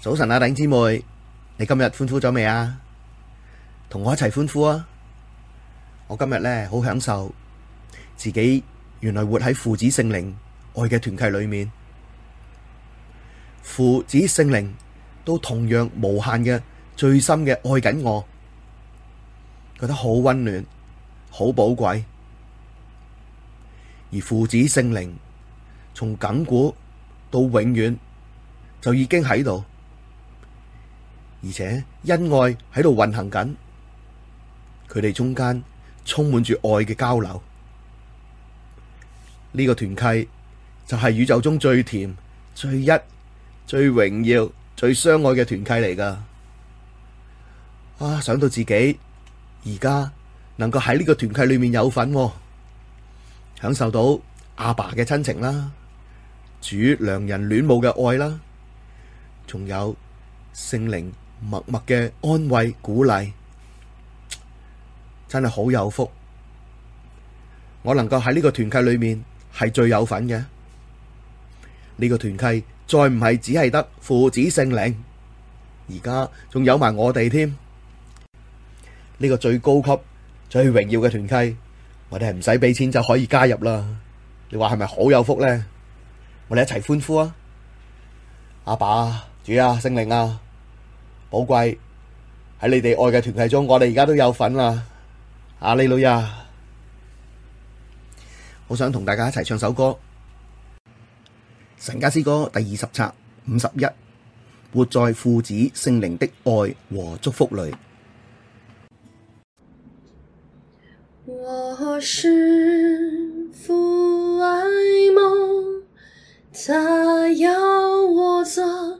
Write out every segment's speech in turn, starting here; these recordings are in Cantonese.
早晨啊，弟兄姊妹，你今日歡呼咗未啊？同我一齊歡呼啊！我今日咧好享受自己，原來活喺父子聖靈愛嘅團契裏面，父子聖靈都同樣無限嘅最深嘅愛緊我，覺得好溫暖，好寶貴。而父子聖靈從亙古到永遠就已經喺度。而且恩愛喺度運行緊，佢哋中間充滿住愛嘅交流，呢個團契就係宇宙中最甜、最一、最榮耀、最相愛嘅團契嚟㗎。啊，想到自己而家能夠喺呢個團契裏面有份，啊，享受到阿爸嘅親情啦，主良人戀慕嘅愛啦，仲有聖靈。默默嘅安慰鼓勵，真係好有福。我能夠喺呢個團契裏面係最有份嘅，呢個團契再唔係只係得父子聖靈，而家仲有埋我哋添。呢個最高級最榮耀嘅團契，我哋係唔使俾錢就可以加入啦。你話係咪好有福呢？我哋一齊歡呼啊！阿爸、主啊、聖靈啊！寶貴喺你哋愛嘅團體中，我哋而家都有份啦！阿利路亞，好想同大家一齊唱首歌，《神家詩歌》第二十冊五十一，活在父子聖靈的愛和祝福裡。我是父愛夢，他要我做。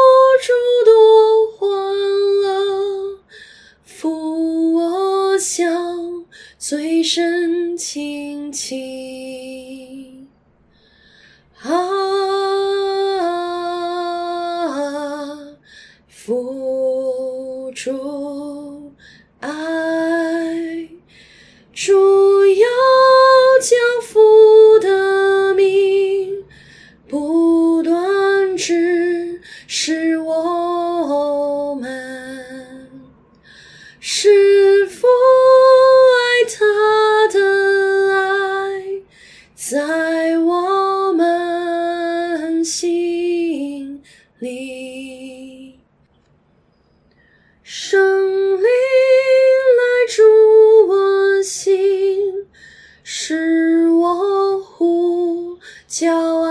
聲輕輕。聖靈來住我心，使我呼叫啊。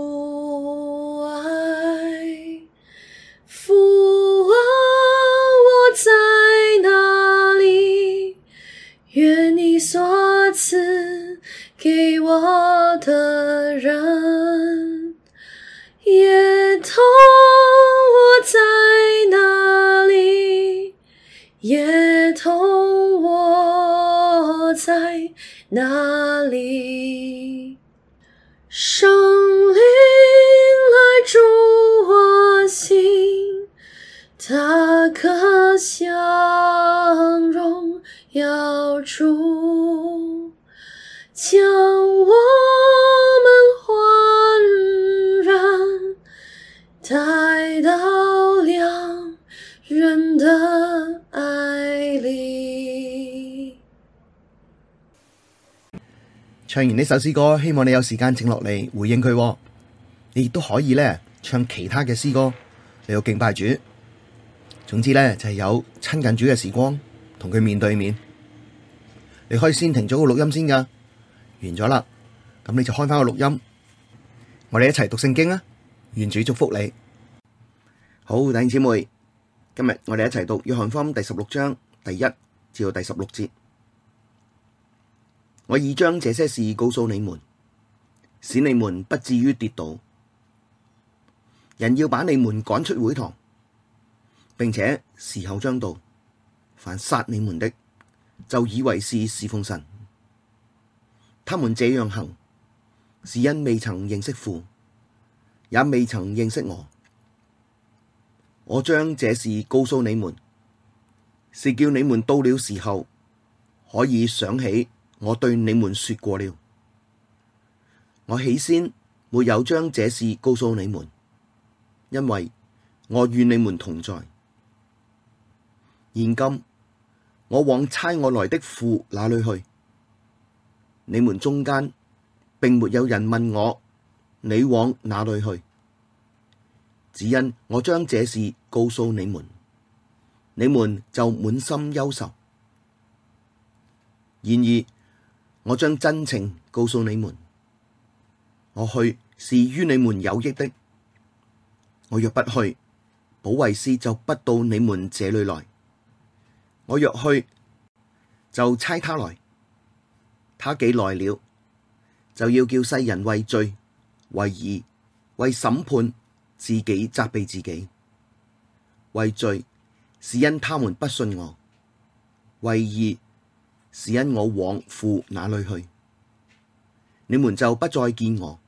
賜給我的人也同我在那裡，也同我在那裡！聖靈來住我心，祂渴想榮耀主。將我們歡然帶到良人的愛裡。唱完呢首詩歌，希望你有時間靜落嚟回應佢喎。你亦都可以呢唱其他嘅詩歌，你有敬拜主。總之呢，就係有親近主嘅時光，同佢面對面。你可以先停咗個錄音先㗎。完咗啦，咁你就開翻個錄音，我哋一齊讀聖經啊！願主祝福你。好，弟兄姐妹，今日我哋一齊讀約翰福音第十六章第一至到第十六節。我已將這些事告訴你們，使你們不至於跌倒。人要把你們趕出會堂，並且時候將到，凡殺你們的，就以為是事奉神。他們這樣行，是因未曾認識父，也未曾認識我。我將這事告訴你們，是叫你們到了時候可以想起我對你們說過了。我起先沒有將這事告訴你們，因為我與你們同在。現今我往差我來的父那裡去。你們中間，並沒有人問我，你往哪裡去？只因我將這事告訴你們，你們就滿心憂愁。然而，我將真情告訴你們，我去是于你們有益的。我若不去，保惠師就不到你們這裡來；我若去，就差他來。他既來了，就要叫世人為罪、為義、為審判，自己責備自己。為罪是因他們不信我；為義是因我往父那裡去，你們就不再見我。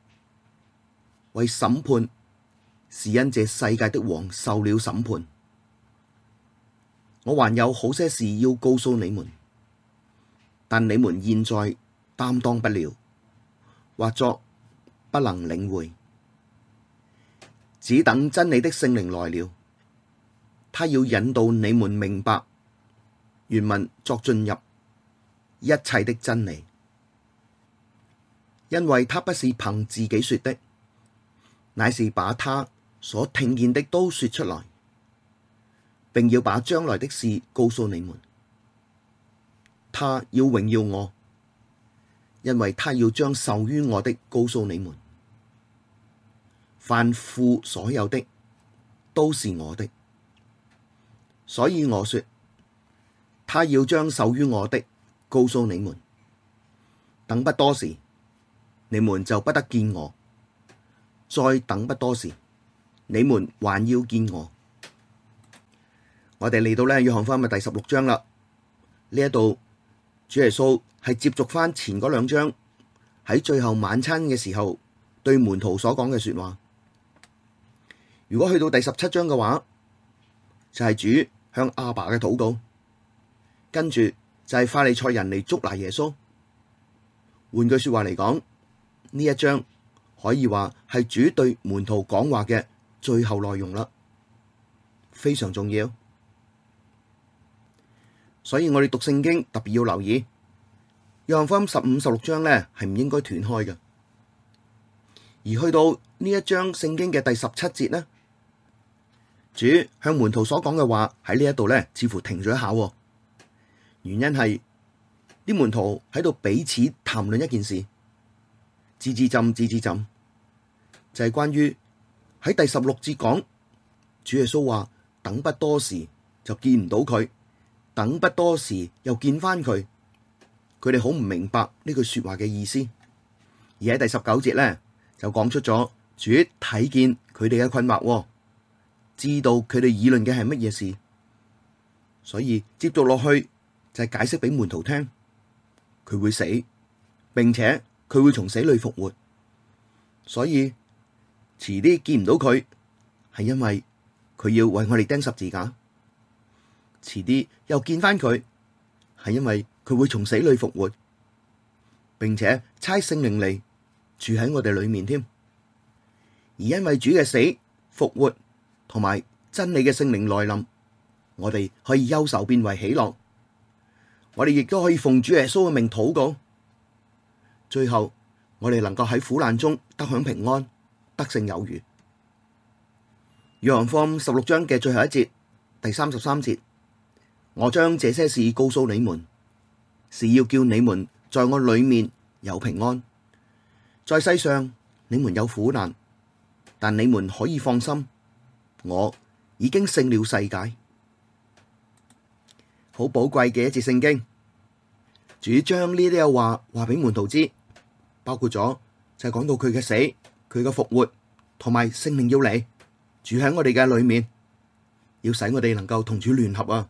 為審判是因這世界的王受了審判。我還有好些事要告訴你們，但你們現在擔當不了，或作不能領會，只等真理的聖靈來了，他要引導你們明白原文作進入一切的真理，因為他不是憑自己說的，乃是把他所聽見的都說出來，並要把將來的事告訴你們，他要榮耀我。因為他要將受於我的告訴你們，凡父所有的都是我的，所以我說，他要將受於我的告訴你們。等不多時，你們就不得見我；再等不多時，你們還要見我。我哋嚟到咧，約翰福音第十六章啦。呢一度。主耶穌係接續翻前嗰兩章，喺最後晚餐嘅時候對門徒所講嘅說話。如果去到第十七章嘅話，就係主向阿爸嘅禱告，跟住就係法利賽人嚟捉拿耶穌。換句說話嚟講，呢一章可以話係主對門徒講話嘅最後內容啦，非常重要。所以我哋讀聖經特別要留意，約翰福音十五、十六章咧，係唔應該斷開嘅。而去到呢一章聖經嘅第十七節咧，主向門徒所講嘅話喺呢一度咧，似乎停咗一下。原因係啲門徒喺度彼此談論一件事，自自浸，自自浸，就係關於喺第十六節講，主耶穌話等不多時就見唔到佢。等不多時，又見翻佢，佢哋好唔明白呢句說話嘅意思。而喺第十九節咧，就講出咗主睇見佢哋嘅困惑，知道佢哋議論嘅係乜嘢事，所以接續落去就係、是、解釋俾門徒聽，佢會死，並且佢會從死裏復活，所以遲啲見唔到佢，係因為佢要為我哋釘十字架。遲啲又見翻佢，係因為佢會從死裡復活，並且差聖靈嚟住喺我哋裡面添。而因為主嘅死、復活同埋真理嘅聖靈來臨，我哋可以憂愁變為喜樂，我哋亦都可以奉主耶穌嘅命禱告。最後，我哋能夠喺苦難中得享平安，得勝有餘。約翰福音十六章嘅最後一節，第三十三節。我將這些事告訴你們，是要叫你們在我裏面有平安。在世上你們有苦難，但你們可以放心，我已經勝了世界。好寶貴嘅一節聖經，主將呢啲嘅話話俾門徒知，包括咗就係講到佢嘅死、佢嘅復活同埋聖靈要嚟住喺我哋嘅裏面，要使我哋能夠同主聯合啊！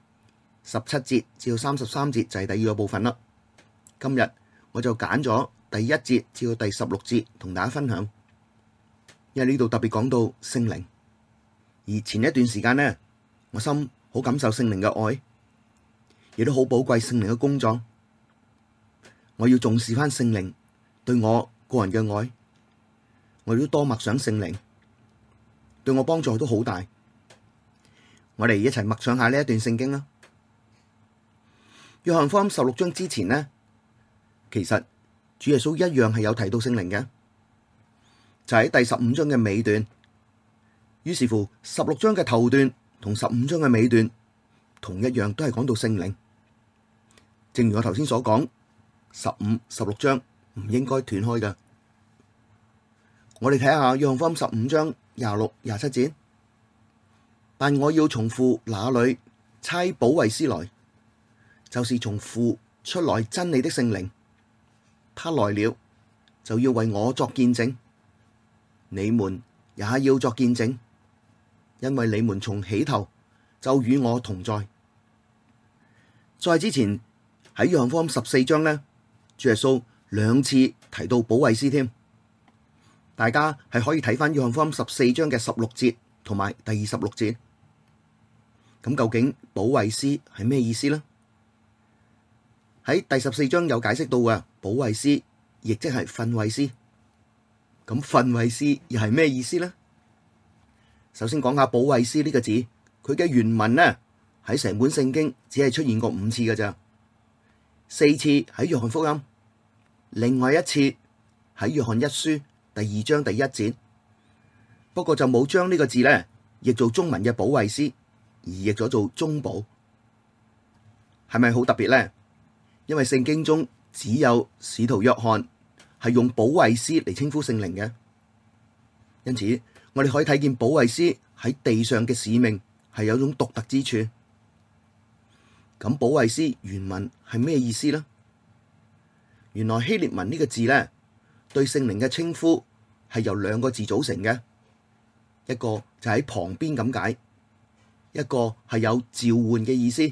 十七節至到三十三節就係第二個部分啦。今日我就揀咗第一節至到第十六節同大家分享，因為呢度特別講到聖靈，而前一段時間呢，我心好感受聖靈嘅愛，亦都好寶貴聖靈嘅工作。我要重視返聖靈對我個人嘅愛，我要多默想聖靈對我幫助都好大。我哋一齊默想下呢一段聖經啦。約翰福音十六章之前呢，其實主耶穌一樣係有提到聖靈嘅，就喺、是、第十五章嘅尾段。於是乎，十六章嘅頭段同十五章嘅尾段，同一樣都係講到聖靈。正如我頭先所講，十五、十六章唔應該斷開嘅。我哋睇下約翰福音十五章廿六、廿七節，但我要從父那裏差保惠師來。就是從父出來真理的聖靈，他來了就要為我作見證，你們也要作見證，因為你們從起頭就與我同在。在之前喺約翰福音十四章呢，主耶穌兩次提到保惠師添，大家係可以睇翻約翰福音十四章嘅十六節同埋第二十六節。咁究竟保惠師係咩意思呢？喺第十四章有解釋到嘅，保惠師亦即係訓慰師。咁訓慰師又係咩意思咧？首先講下保惠師呢個字，佢嘅原文咧，喺成本聖經只係出現過五次嘅咋，四次喺約翰福音，另外一次喺約翰一書第二章第一節。不過就冇將呢個字咧譯做中文嘅保惠師，而譯咗做中保，係咪好特別咧？因為聖經中只有使徒約翰係用保惠師嚟稱呼聖靈嘅，因此我哋可以睇見保惠師喺地上嘅使命係有種獨特之處。咁保惠師原文係咩意思呢？原來希列文呢個字呢，對聖靈嘅稱呼係由兩個字組成嘅，一個就喺旁邊咁解，一個係有召喚嘅意思，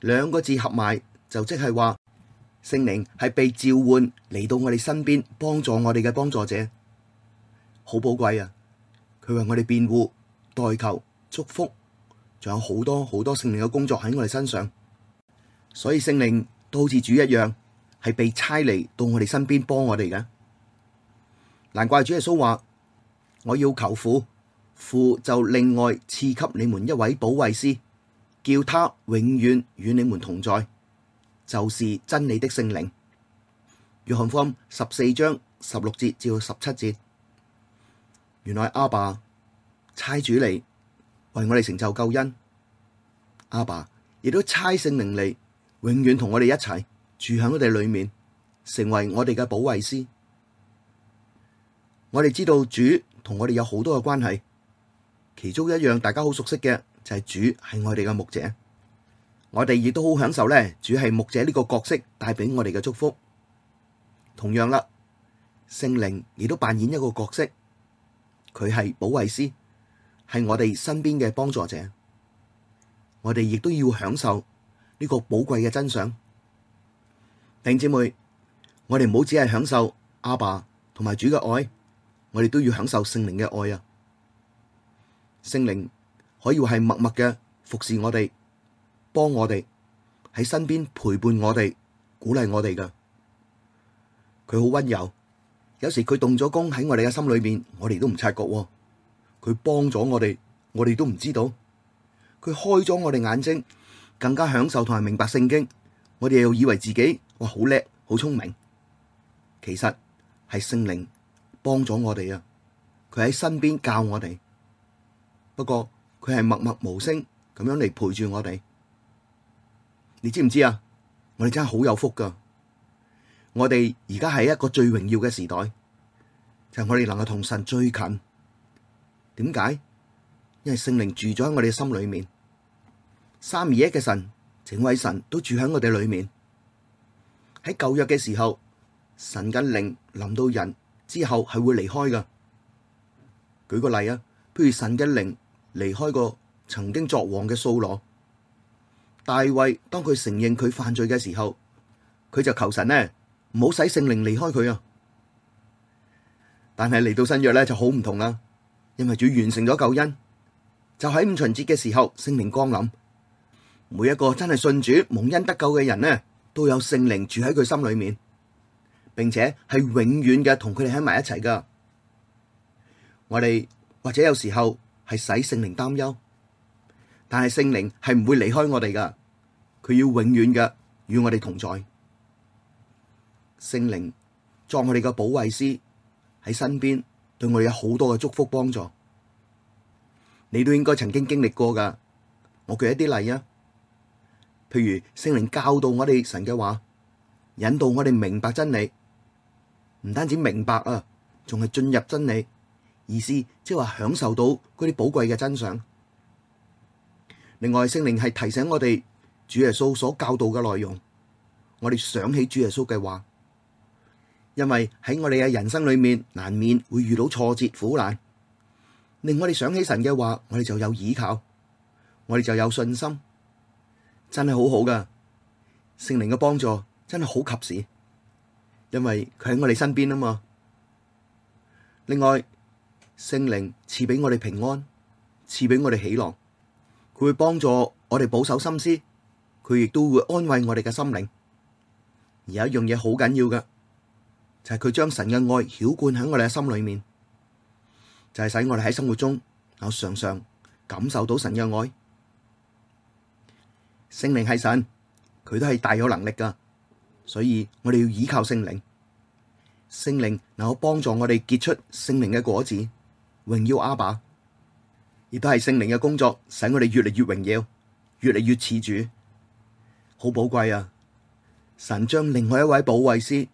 兩個字合埋。就即係話聖靈係被召喚嚟到我哋身邊幫助我哋嘅幫助者，好寶貴啊！佢為我哋辯護、代求、祝福，仲有好多好多聖靈嘅工作喺我哋身上。所以聖靈都好似主一樣，係被差嚟到我哋身邊幫我哋嘅。難怪主耶穌話：我要求父，父就另外賜給你們一位保惠師，叫他永遠與你們同在。就是真理的聖靈，約翰福音十四章十六節至十七節。原來阿爸差主嚟為我哋成就救恩，阿爸亦都差聖靈嚟永遠同我哋一齊住喺我哋裏面，成為我哋嘅保惠師。我哋知道主同我哋有好多嘅關係，其中一樣大家好熟悉嘅就係、是、主係我哋嘅牧者。我哋亦都好享受咧，主係牧者呢個角色帶俾我哋嘅祝福。同樣啦，聖靈亦都扮演一個角色，佢係保惠師，係我哋身邊嘅幫助者。我哋亦都要享受呢個寶貴嘅真相。弟兄姊妹，我哋唔好只係享受阿爸同埋主嘅愛，我哋都要享受聖靈嘅愛啊！聖靈可以話係默默嘅服侍我哋。幫我哋喺身邊陪伴我哋，鼓勵我哋㗎。佢好溫柔，有時佢動咗工喺我哋嘅心裏面，我哋都唔察覺喎。佢幫咗我哋，我哋都唔知道。佢開咗我哋眼睛，更加享受同埋明白聖經。我哋又以為自己哇好叻，好聰，聰明。其實係聖靈幫咗我哋啊！佢喺身邊教我哋，不過佢係默默無聲咁樣嚟，陪住我哋。你知唔知啊？我哋真係好有福噶！我哋而家係一個最榮耀嘅時代，就係我哋能夠同神最近。點解？因為聖靈住咗喺我哋心裏面，三二一嘅神，整位神都住喺我哋裏面。喺舊約嘅時候，神嘅靈臨到人之後係會離開噶。舉個例啊，譬如神嘅靈離開過曾經作王嘅掃羅。大衛，當佢承認佢犯罪嘅時候，佢就求神呢，唔好使聖靈離開佢啊！但係嚟到新約咧就好唔同啦，因為主完成咗救恩，就喺五旬節嘅時候聖靈降臨，每一個真係信主蒙恩得救嘅人呢，都有聖靈住喺佢心裏面，並且係永遠嘅同佢哋喺埋一齊噶。我哋或者有時候係使聖靈擔憂。但係聖靈係唔會離開我哋噶，佢要永遠嘅與我哋同在。聖靈作我哋嘅保惠師喺身邊，對我哋有好多嘅祝福幫助。你都應該曾經經歷過噶。我舉一啲例啊，譬如聖靈教導我哋神嘅話，引導我哋明白真理，唔單止明白啊，仲係進入真理，意思即係話享受到嗰啲寶貴嘅真相。另外，聖靈係提醒我哋主耶穌所教導嘅內容，我哋想起主耶穌嘅話，因為喺我哋嘅人生裏面難免會遇到挫折苦難，令我哋想起神嘅話，我哋就有依靠，我哋就有信心，真係好好噶！聖靈嘅幫助真係好及時，因為佢喺我哋身邊啊嘛。另外，聖靈賜俾我哋平安，賜俾我哋喜樂。佢會幫助我哋保守心思，佢亦都會安慰我哋嘅心靈。而有一樣嘢好緊要嘅，就係佢將神嘅愛澆灌喺我哋嘅心裏面，就係使我哋喺生活中有常常感受到神嘅愛。聖靈係神，佢都係大有能力噶，所以我哋要倚靠聖靈。聖靈能夠幫助我哋結出聖靈嘅果子，榮耀阿爸。亦都係聖靈嘅工作，使我哋越嚟越榮耀，越嚟越似主，好寶貴啊！神將另外一位保惠師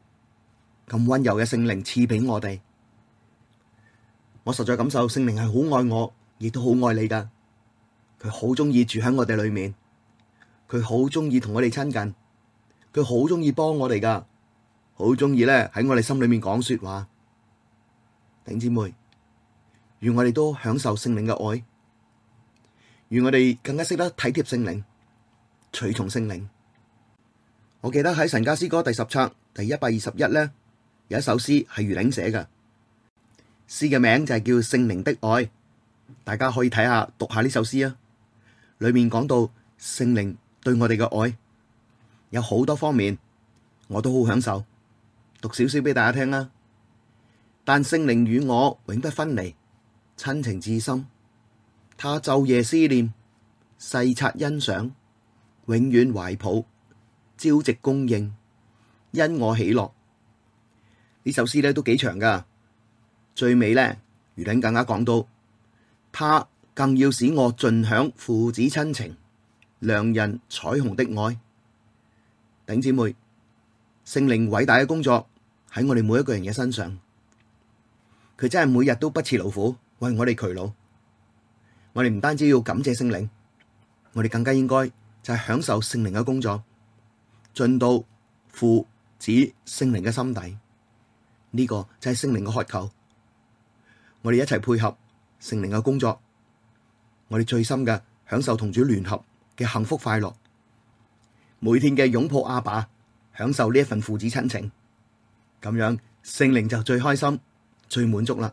咁溫柔嘅聖靈賜畀我哋，我實在感受聖靈係好愛我，亦都好愛你噶。佢好鍾意住喺我哋裏面，佢好鍾意同我哋親近，佢好鍾意幫我哋噶，好鍾意咧喺我哋心裏面講說話，頂姊妹。願我哋都享受聖靈嘅愛，願我哋更加識得體貼聖靈、隨從聖靈。我記得喺《神家詩歌》第十冊第一百二十一咧，有一首詩係余嶺寫嘅，詩嘅名就係叫《聖靈的愛》。大家可以睇下讀下呢首詩啊，裏面講到聖靈對我哋嘅愛有好多方面，我都好享受。讀少少俾大家聽啦，但聖靈與我永不分離。親情至深，他晝夜思念，細察欣賞，永遠懷抱，朝夕供應，因我喜樂。呢首詩咧都幾長㗎，最尾咧，余麟更加講到，他更要使我盡享父子親情、良人彩虹的愛。頂姐妹，聖靈偉大嘅工作喺我哋每一個人嘅身上，佢真係每日都不辭勞苦。我我哋渠佬，我哋唔單止要感謝聖靈，我哋更加應該就係享受聖靈嘅工作，進到父子聖靈嘅心底，呢個就係聖靈嘅渴求。我哋一齊配合聖靈嘅工作，我哋最深嘅享受同主聯合嘅幸福快樂，每天嘅擁抱阿爸，享受呢一份父子親情，咁樣聖靈就最開心、最滿足啦。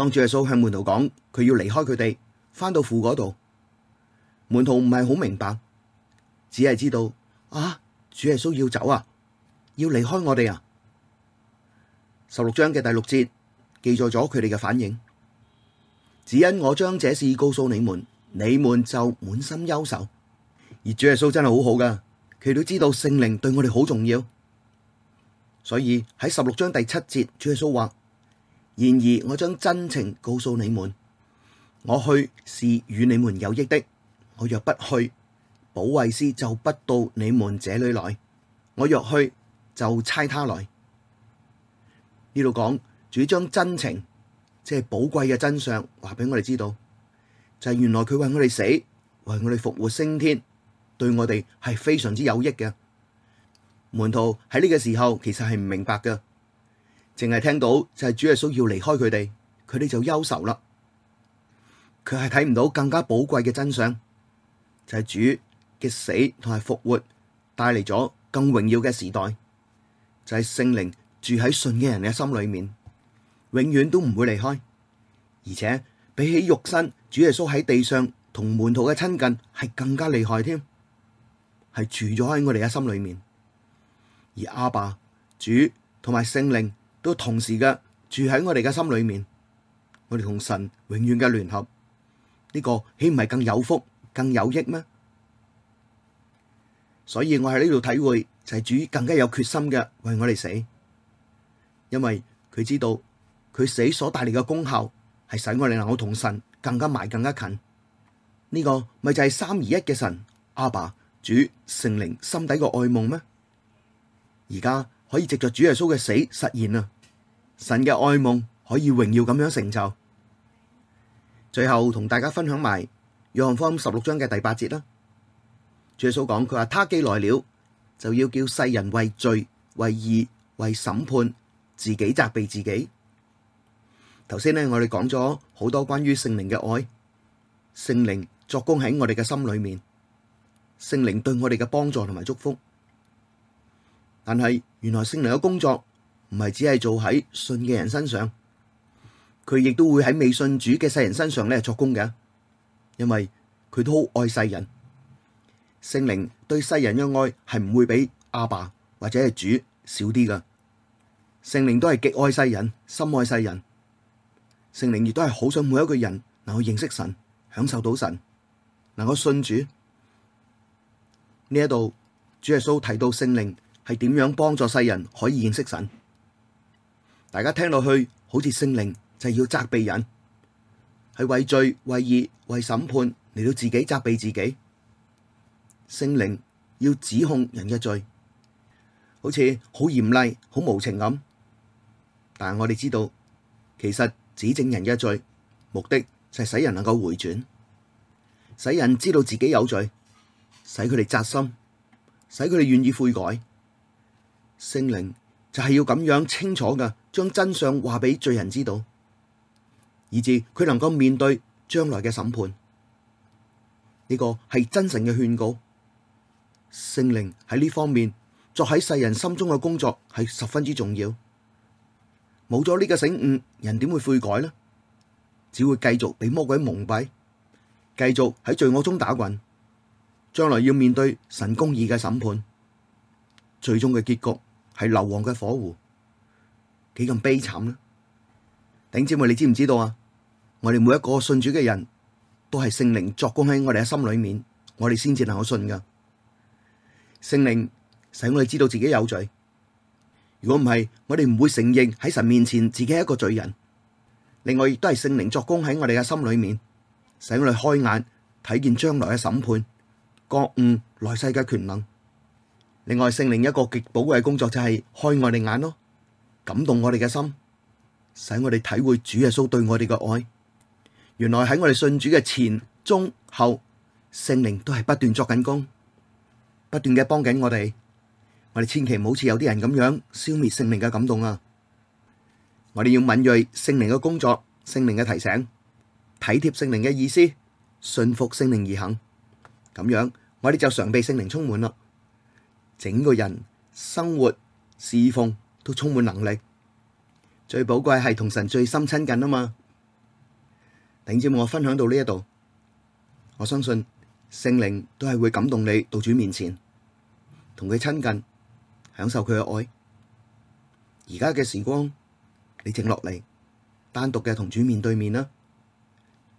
當主耶穌向門徒講，佢要離開佢哋，翻到父嗰度。門徒唔係好明白，只係知道啊，主耶穌要走啊，要離開我哋啊。十六章嘅第六節記載咗佢哋嘅反應。只因我將這事告訴你們，你們就滿心憂愁。而主耶穌真係好好噶，佢都知道聖靈對我哋好重要。所以喺十六章第七節，主耶穌話：然而，我將真情告訴你們，我去是與你們有益的。我若不去，保惠師就不到你們這裏來；我若去，就差他來。呢度講主將真情，即係寶貴嘅真相，話畀我哋知道，就係原來佢為我哋死，為我哋復活升天，對我哋係非常之有益嘅。門徒喺呢個時候其實係唔明白嘅。淨係聽到就係主耶穌要離開佢哋，佢哋就憂愁啦。佢係睇唔到更加寶貴嘅真相，就係主嘅死同埋復活帶嚟咗更榮耀嘅時代，就係聖靈住喺信嘅人嘅心裏面，永遠都唔會離開。而且比起肉身，主耶穌喺地上同門徒嘅親近係更加厲害添，係住咗喺我哋嘅心裏面。而阿爸、主同埋聖靈。都同時嘅住喺我哋嘅心裏面，我哋同神永遠嘅聯合，呢、這個豈唔係更有福、更有益咩？所以我喺呢度體會就係主更加有決心嘅為我哋死，因為佢知道佢死所帶嚟嘅功效係使我哋能夠同神更加埋、更加近。呢、這個咪就係三而一嘅神阿爸、主、聖靈心底個愛夢咩？而家。可以藉著主耶穌嘅死實現啊，神嘅愛夢可以榮耀咁樣成就。最後同大家分享埋約翰福音十六章嘅第八節啦。主耶穌講佢話：他既來了，就要叫世人為罪、為義、為審判，自己責備自己。頭先咧，我哋講咗好多關於聖靈嘅愛，聖靈作工喺我哋嘅心裏面，聖靈對我哋嘅幫助同埋祝福。但係原來聖靈嘅工作唔係只係做喺信嘅人身上，佢亦都會喺未信主嘅世人身上咧作工嘅，因為佢都好愛世人。聖靈對世人嘅愛係唔會比阿爸或者係主少啲㗎，聖靈都係極愛世人，深愛世人。聖靈亦都係好想每一個人能夠認識神，享受到神，能夠信主。呢一度主耶穌提到聖靈。係點樣幫助世人可以認識神？大家聽落去好似聖靈就係要責備人，係為罪、為義、為審判嚟到自己責備自己。聖靈要指控人嘅罪，好似好嚴厲、好無情咁。但係我哋知道，其實指證人嘅罪，目的就係使人能夠回轉，使人知道自己有罪，使佢哋扎心，使佢哋願意悔改。聖靈就係要咁樣清楚嘅，將真相話俾罪人知道，以至佢能夠面對將來嘅審判。呢個係真實嘅勸告，聖靈喺呢方面作喺世人心中嘅工作係十分之重要。冇咗呢個醒悟，人點會悔改呢？只會繼續被魔鬼蒙蔽，繼續喺罪惡中打滾，將來要面對神公義嘅審判，最終嘅結局係硫磺嘅火湖，幾咁悲慘咧！頂姊妹，你知唔知道啊？我哋每一個信主嘅人都係聖靈作工喺我哋嘅心裏面，我哋先至能夠信噶。聖靈使我哋知道自己有罪，如果唔係，我哋唔會承認喺神面前自己係一個罪人。另外亦都係聖靈作工喺我哋嘅心裏面，使我哋開眼睇見將來嘅審判、覺悟、來世嘅權能。另外，聖靈一個極寶貴嘅工作就係開我哋眼咯，感動我哋嘅心，使我哋體會主耶穌對我哋嘅愛。原來喺我哋信主嘅前、中、後，聖靈都係不斷作緊工，不斷嘅幫緊我哋。我哋千祈唔好似有啲人咁樣消滅聖靈嘅感動啊！我哋要敏銳聖靈嘅工作、聖靈嘅提醒、體貼聖靈嘅意思、順服聖靈而行，咁樣我哋就常被聖靈充滿啦。整個人生活侍奉都充滿能力，最寶貴係同神最深親近啊嘛！頂尖，我分享到呢一度，我相信聖靈都係會感動你到主面前，同佢親近，享受佢嘅愛。而家嘅時光，你靜落嚟，單獨嘅同主面對面啦。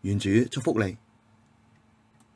願主祝福你。